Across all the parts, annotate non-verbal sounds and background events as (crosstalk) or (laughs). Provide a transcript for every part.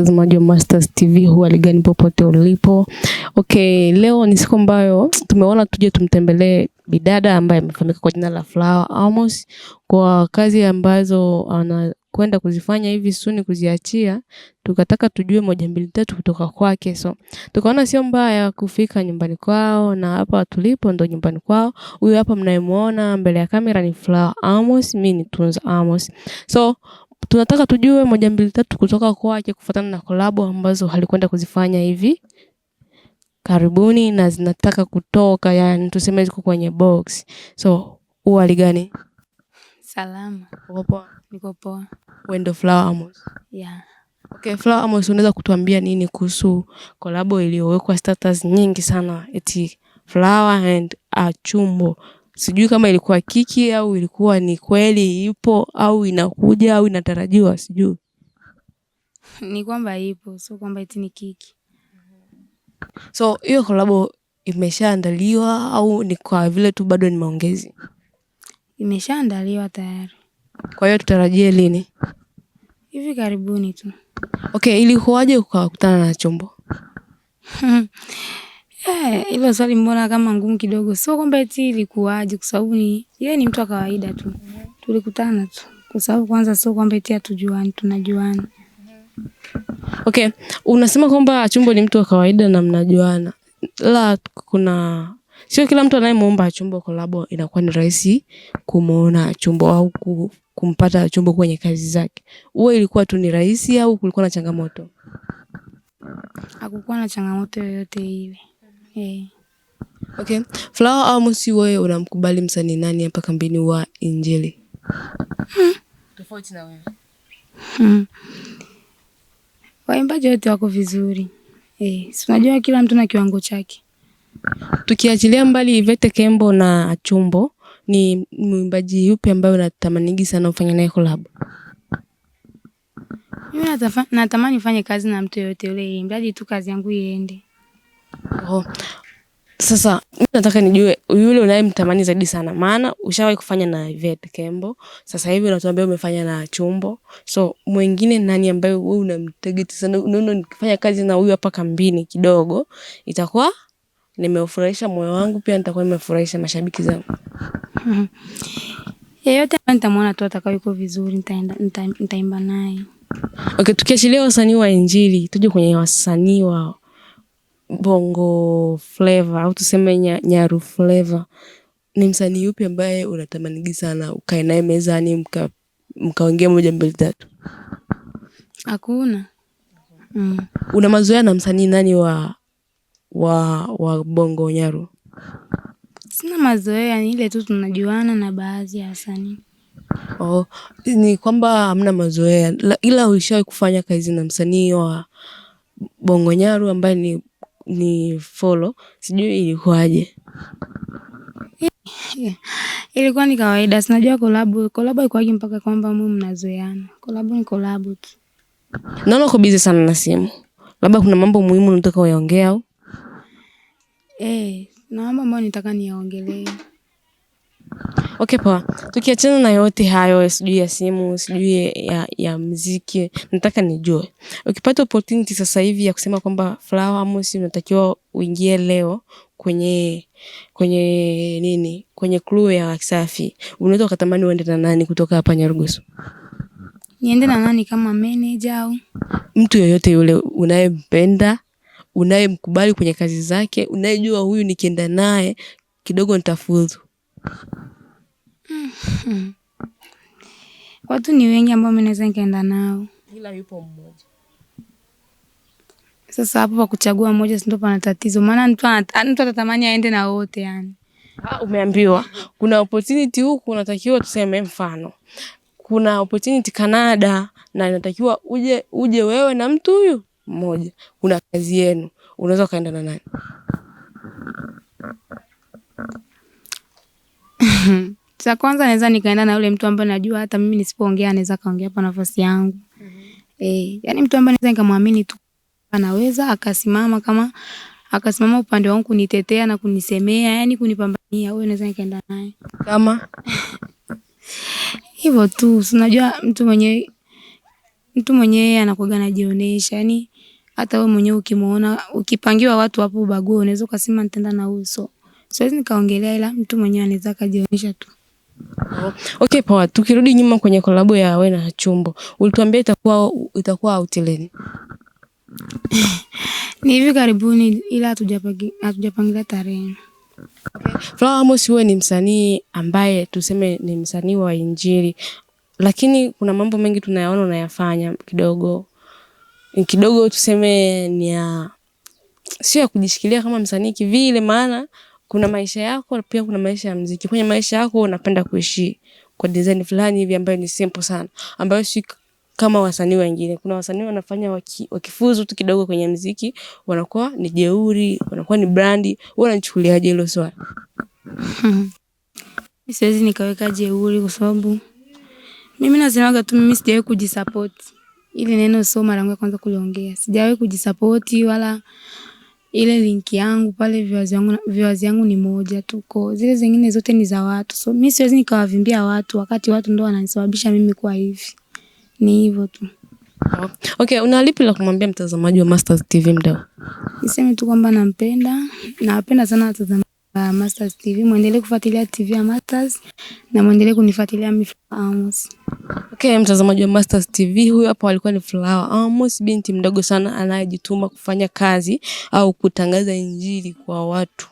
mtazamaji wa Masters TV, huwa ligani popote ulipo. Okay, leo ni siku ambayo tumeona tuje tumtembelee bidada ambaye amefahamika kwa jina la Flower Amos kwa kazi ambazo anakwenda kuzifanya hivi suni kuziachia, tukataka tujue moja mbili tatu kutoka kwake, so tukaona sio mbaya kufika nyumbani kwao, na hapa tulipo ndo nyumbani kwao. Huyu hapa mnayemwona mbele ya kamera ni Flower Amos, mimi ni Tunza Amos. So tunataka tujue moja mbili tatu kutoka kwake kufuatana na kolabo ambazo halikwenda kuzifanya hivi karibuni na zinataka kutoka, yani tuseme ziko kwenye box. So u gani? Salama. poa? Niko poa. Wendo Flower Amos. Yeah. Okay, Flower Amos, unaweza kutuambia nini kuhusu kolabo iliyowekwa status nyingi sana eti Flower and Achumbo sijui kama ilikuwa kiki au ilikuwa ni kweli ipo au inakuja au inatarajiwa, sijui. Ni kwamba ipo, sio kwamba eti ni kiki. So hiyo kolabo imeshaandaliwa au ni kwa vile tu bado ni maongezi? Imeshaandaliwa tayari. Kwa hiyo tutarajie lini? Hivi karibuni tu. Okay, ilikuwaje ukakutana na chombo? (laughs) Eh, hilo swali mbona kama ngumu kidogo. Sio kwamba eti ilikuwaje kwa sababu ni yeye ni mtu wa kawaida tu. Tulikutana tu. Kwa sababu kwanza sio kwamba eti hatujuani, tunajuana. Okay, unasema kwamba Chumbo ni mtu wa kawaida na mnajuana. La, kuna sio kila mtu anayemuomba Achumba kolabo inakuwa ni rahisi kumuona Chumbo au ku, kumpata Chumbo kwenye kazi zake. Uwe ilikuwa tu ni rahisi au kulikuwa na changamoto? Hakukuwa na changamoto yoyote ile. Hey. Okay. Flower Amosi, wewe unamkubali msanii nani hapa kambini wa Injili? hmm. Tofauti na wewe hmm. Waimbaji wote wako vizuri hey. Si unajua kila mtu na kiwango chake. Tukiachilia mbali Ivete Kembo na Chumbo, ni mwimbaji yupi ambaye unatamanigi sana ufanye naye collab? Mimi natamani ufanye kazi na mtu yoyote yule, mradi tu kazi yangu iende. Oh. Sasa mi nataka nijue yule unayemtamani zaidi sana, maana ushawahi kufanya na Ivete Kembo, sasa hivi unatuambia umefanya na Chumbo, so mwingine nani ambaye we unamtegeti sana, unaona nikifanya kazi na huyu hapa kambini kidogo itakuwa nimeufurahisha moyo wangu, pia nitakuwa nimefurahisha mashabiki zangu. (laughs) Yeyote ambaye nitamwona tu atakao yuko vizuri nitaimba naye. Okay, tukiachilia wasanii wa Injili tuje kwenye wasanii wa bongo flavo au tuseme nyaru flavo ni msanii yupi ambaye unatamani sana ukae naye mezani mka moja mbili tatu? Hakuna. Mm. Una mazoea na msanii nani wa wa wa bongo nyaru? Sina mazoea, ni ile tu tunajuana na baadhi ya wasanii. Oh, ni kwamba hamna mazoea, ila ulishawahi kufanya kazi na msanii wa bongo nyaru ambaye ni ni follow, sijui ilikuwaje. Ilikuwa ni kawaida, sinajua kolabu. Kolabu haikuwaje mpaka kwamba mwe mnazoeana. Kolabu ni kolabu tu. Naona uko bizi sana na simu, labda kuna mambo muhimu unataka uyaongea au? Eh, na mambo ambayo nitaka niyaongelee. Okay poa, tukiachana na yote hayo, sijui ya simu, sijui ya, ya mziki, nataka nijue ukipata opportunity sasa hivi ya kusema kwamba Flower Amos unatakiwa uingie leo kwenye kwenye nini kwenye crew ya Wasafi, unaweza ukatamani uende na nani kutoka hapa Nyarugusu? Niende na nani, kama manager au mtu yoyote yule unayempenda, unayemkubali kwenye kazi zake, unayejua huyu nikienda naye kidogo nitafuzu? (laughs) Watu ni wengi ambao mimi naweza nikaenda nao, ila yupo mmoja. Sasa hapo pa kuchagua mmoja, si ndio pana tatizo? Maana mtu atatamani aende na wote yani. Ha, ah, umeambiwa kuna opportunity huku, unatakiwa tuseme, mfano kuna opportunity Canada, na inatakiwa uje uje wewe na mtu huyu mmoja, kuna kazi yenu, unaweza ukaenda na nani? (laughs) cha kwanza naweza nikaenda na yule mtu ambaye najua hata mimi nisipoongea anaweza kaongea kwa nafasi yangu. Mhm. Eh, yani mtu ambaye naweza nikamwamini tu anaweza akasimama kama akasimama upande wangu kunitetea na kunisemea, yani kunipambania. huyo naweza nikaenda naye. Kama (laughs) hivyo tu, unajua mtu mwenye mtu mwenyewe anakuwa anajionyesha. Yani hata wewe mwenyewe ukimuona, ukipangiwa watu hapo ubague, unaweza ukasema nitaenda na So Siwezi nikaongelea, ila mtu mwenyewe anaweza akajionyesha tu. Okay, poa. Tukirudi nyuma kwenye kolabo ya we na Chumbo, ulituambia itakuwa itakuwa out lini? (laughs) Ni hivi karibuni, ila hatujapangilia tarehe. Okay. Flower Amos, wewe ni msanii ambaye tuseme ni msanii wa Injili, lakini kuna mambo mengi tunayaona unayafanya kidogo kidogo, tuseme ni ya sio ya kujishikilia kama msanii kivile, maana kuna maisha yako, pia kuna maisha ya mziki. Kwenye maisha yako unapenda kuishi kwa design fulani hivi ambayo ni simple sana, ambayo si kama wasanii wengine. Kuna wasanii wanafanya waki, wakifuzu tu kidogo kwenye mziki wanakuwa ni jeuri, wanakuwa ni brandi. Wewe unachukuliaje hilo swali? (laughs) Siwezi nikaweka jeuri kwa sababu mimi nasemaga tu, mimi sijawahi kujisapoti. ili neno sio mara yangu ya kwanza kuliongea, sijawahi kujisapoti wala ile linki yangu pale, viewers yangu viewers yangu ni moja tu, kwa zile zingine zote ni za watu. So mimi siwezi nikawavimbia watu wakati watu ndo wananisababisha mimi kuwa hivi. Ni hivyo tu. Okay, una lipi la kumwambia mtazamaji wa Mastaz TV mdau? Niseme tu kwamba nampenda, nawapenda sana watazamaji wa Mastaz TV mwendelee kufuatilia TV ya Mastaz na mwendelee kunifuatilia mimi Flower Amos. Okay, mtazamaji wa Mastaz TV, huyu hapo alikuwa ni Flower Amos, binti mdogo sana anayejituma kufanya kazi au kutangaza injili kwa watu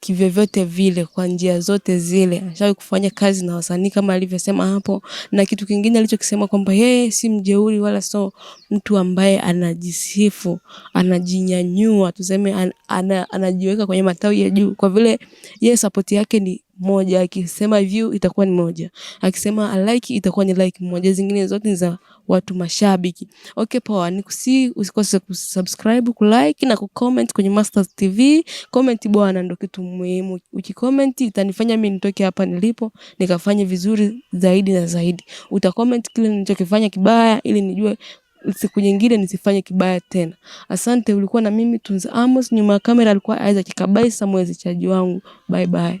kivyovyote vile kwa njia zote zile. Ashawahi kufanya kazi na wasanii kama alivyosema hapo, na kitu kingine alichokisema kwamba yeye si mjeuri wala so mtu ambaye anajisifu, anajinyanyua tuseme, an, an, anajiweka kwenye matawi ya juu, kwa vile yeye sapoti yake ni moja, akisema view itakuwa ni moja, akisema like itakuwa ni like moja, zingine zote ni za watu mashabiki. Okay, poa, nikusi usikose kusubscribe, kulike na kucomment kwenye Mastaz TV. Comment bwana, ndio kitu muhimu. Ukicomment itanifanya mimi nitoke hapa nilipo nikafanye vizuri zaidi na zaidi. Utacomment kile nilichokifanya kibaya ili nijue siku nyingine nisifanye kibaya tena. Asante, ulikuwa na mimi Tunza Amos, nyuma ya kamera alikuwa Isaac Kabaisa, mwezi Chaji wangu. Bye bye.